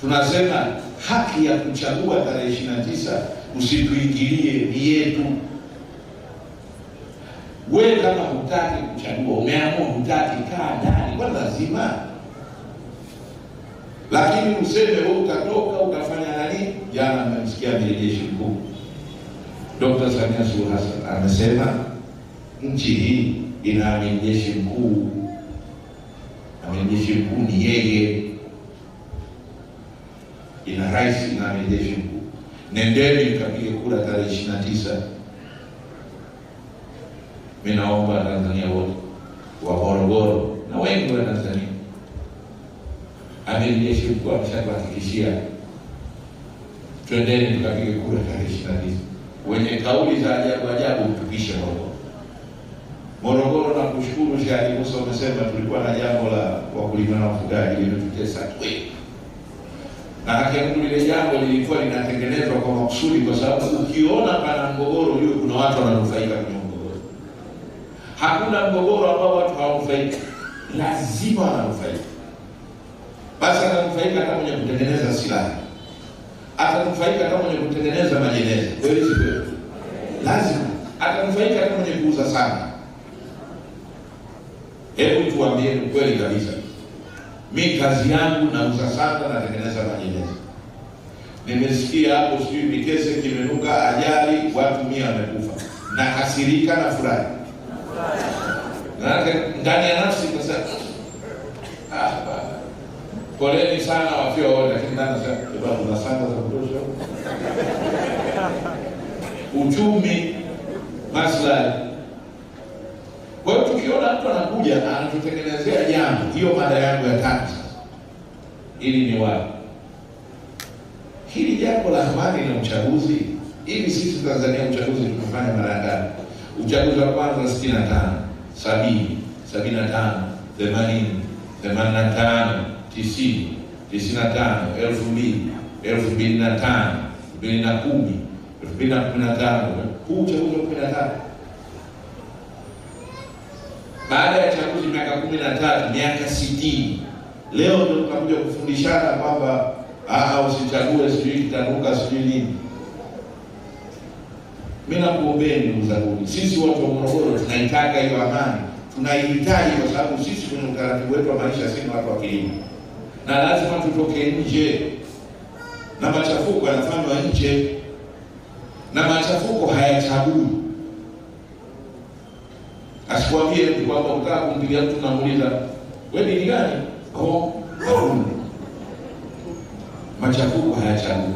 tunasema haki ya kuchagua tarehe 29 usituingilie, ni yetu. Wewe kama hutaki kuchagua, umeamua hutaki, kaa ndani kwa lazima, lakini useme wewe utatoka ukafanya nani? Jana mmemsikia amiri mkuu Dr. Samia Suluhu Hassan amesema nchi hii ina amiri mkuu. Amiri mkuu ni yeye ina rais na amiri jeshi mkuu. Nendeni mkapige kura tarehe ishirini na tisa. Mi naomba Tanzania wote wa Morogoro na wengi wa Tanzania, amiri jeshi mkuu ameshatuhakikishia, twendeni tukapige kura tarehe ishirini na tisa. Wenye kauli za ajabu ajabu mtupishe Morogoro. Morogoro, nakushukuru Sheikh Ali Musa, umesema tulikuwa na jambo la wakulima na wafugaji limetutesa kweli Maanake Mungu lile jambo lilikuwa linatengenezwa kwa makusudi, kwa sababu ukiona pana mgogoro ujue kuna watu wananufaika kwenye mgogoro. Hakuna mgogoro ambao watu hawanufaika, lazima wananufaika. Basi atanufaika hata mwenye kutengeneza silaha, atanufaika hata mwenye kutengeneza majeneza, kweli si kweli? Lazima atanufaika hata mwenye kuuza sana. Hebu tuambie ukweli kabisa, mi kazi yangu nauza sana, natengeneza majeneza Nimesikia hapo sijui Mikese kimenuka ajali, watu mia wamekufa, na hasirika na furahi ndani ya nafsi kasa ah, poleni sana wafia wote, lakini ndani kuna sanga za kutosha. Uchumi, maslahi. Kwa hiyo tukiona mtu anakuja anatutengenezea jambo, hiyo mada yangu ya tatu, ili ni wapi hili jambo la amani na uchaguzi, hivi sisi Tanzania uchaguzi tumefanya mara ngapi? Uchaguzi wa kwanza sitini na tano, sabini, sabini na tano, themanini, themanini na tano, tisini, tisini na tano, elfu mbili, elfu mbili na tano, elfu mbili na kumi, elfu mbili na kumi na tano, huu uchaguzi wa kumi na tatu baada ya chaguzi miaka kumi na tatu miaka sitini. Leo ndio tunakuja kufundishana kwamba ah, usichague sijui kitanuka sijui nini. Mimi nakuombea mzaguni sisi watu wa Morogoro tunaitaka hiyo amani, tunaihitaji kwa sababu sisi kwenye utaratibu wetu wa maisha sisi watu wa kilimo, na lazima tutoke nje, na machafuko yanafanywa nje, na machafuko hayachagui. Asikwambie mtu kwamba utaka kumpiga mtu namuuliza, wewe dini gani? oh, oh machafuko hayachagui.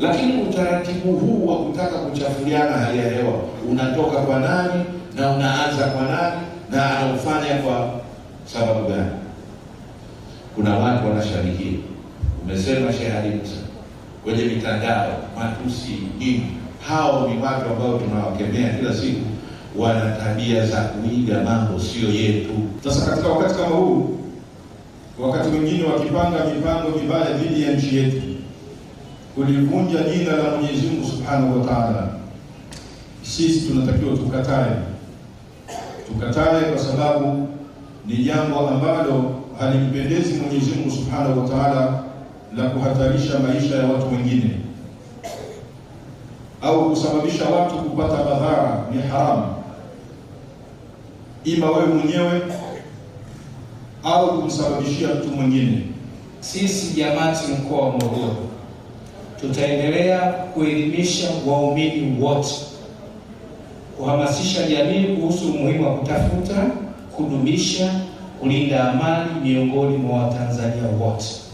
Lakini utaratibu huu wa kutaka kuchafuliana hali ya hewa unatoka kwa nani na unaanza kwa nani na anaufanya kwa sababu gani? Kuna watu wanashabikia, umesema Sheikh Ali Musa, kwenye mitandao matusi nini. Hao ni watu ambao tunawakemea kila siku, wana tabia za kuiga mambo sio yetu. Sasa katika wakati kama huu wakati wengine wakipanga mipango mibaya dhidi ya nchi yetu, kulivunja jina la Mwenyezi Mungu Subhanahu wa Ta'ala. Sisi tunatakiwa tukatae, tukatae kwa sababu ni jambo ambalo halimpendezi Mwenyezi Mungu Subhanahu wa Ta'ala, la kuhatarisha maisha ya watu wengine au kusababisha watu kupata madhara ni haramu, ima wewe mwenyewe au kumsababishia mtu mwingine. Sisi Jamati mkoa wa Morogoro tutaendelea kuelimisha waumini wote, kuhamasisha jamii kuhusu umuhimu wa kutafuta, kudumisha, kulinda amani miongoni mwa Watanzania wote.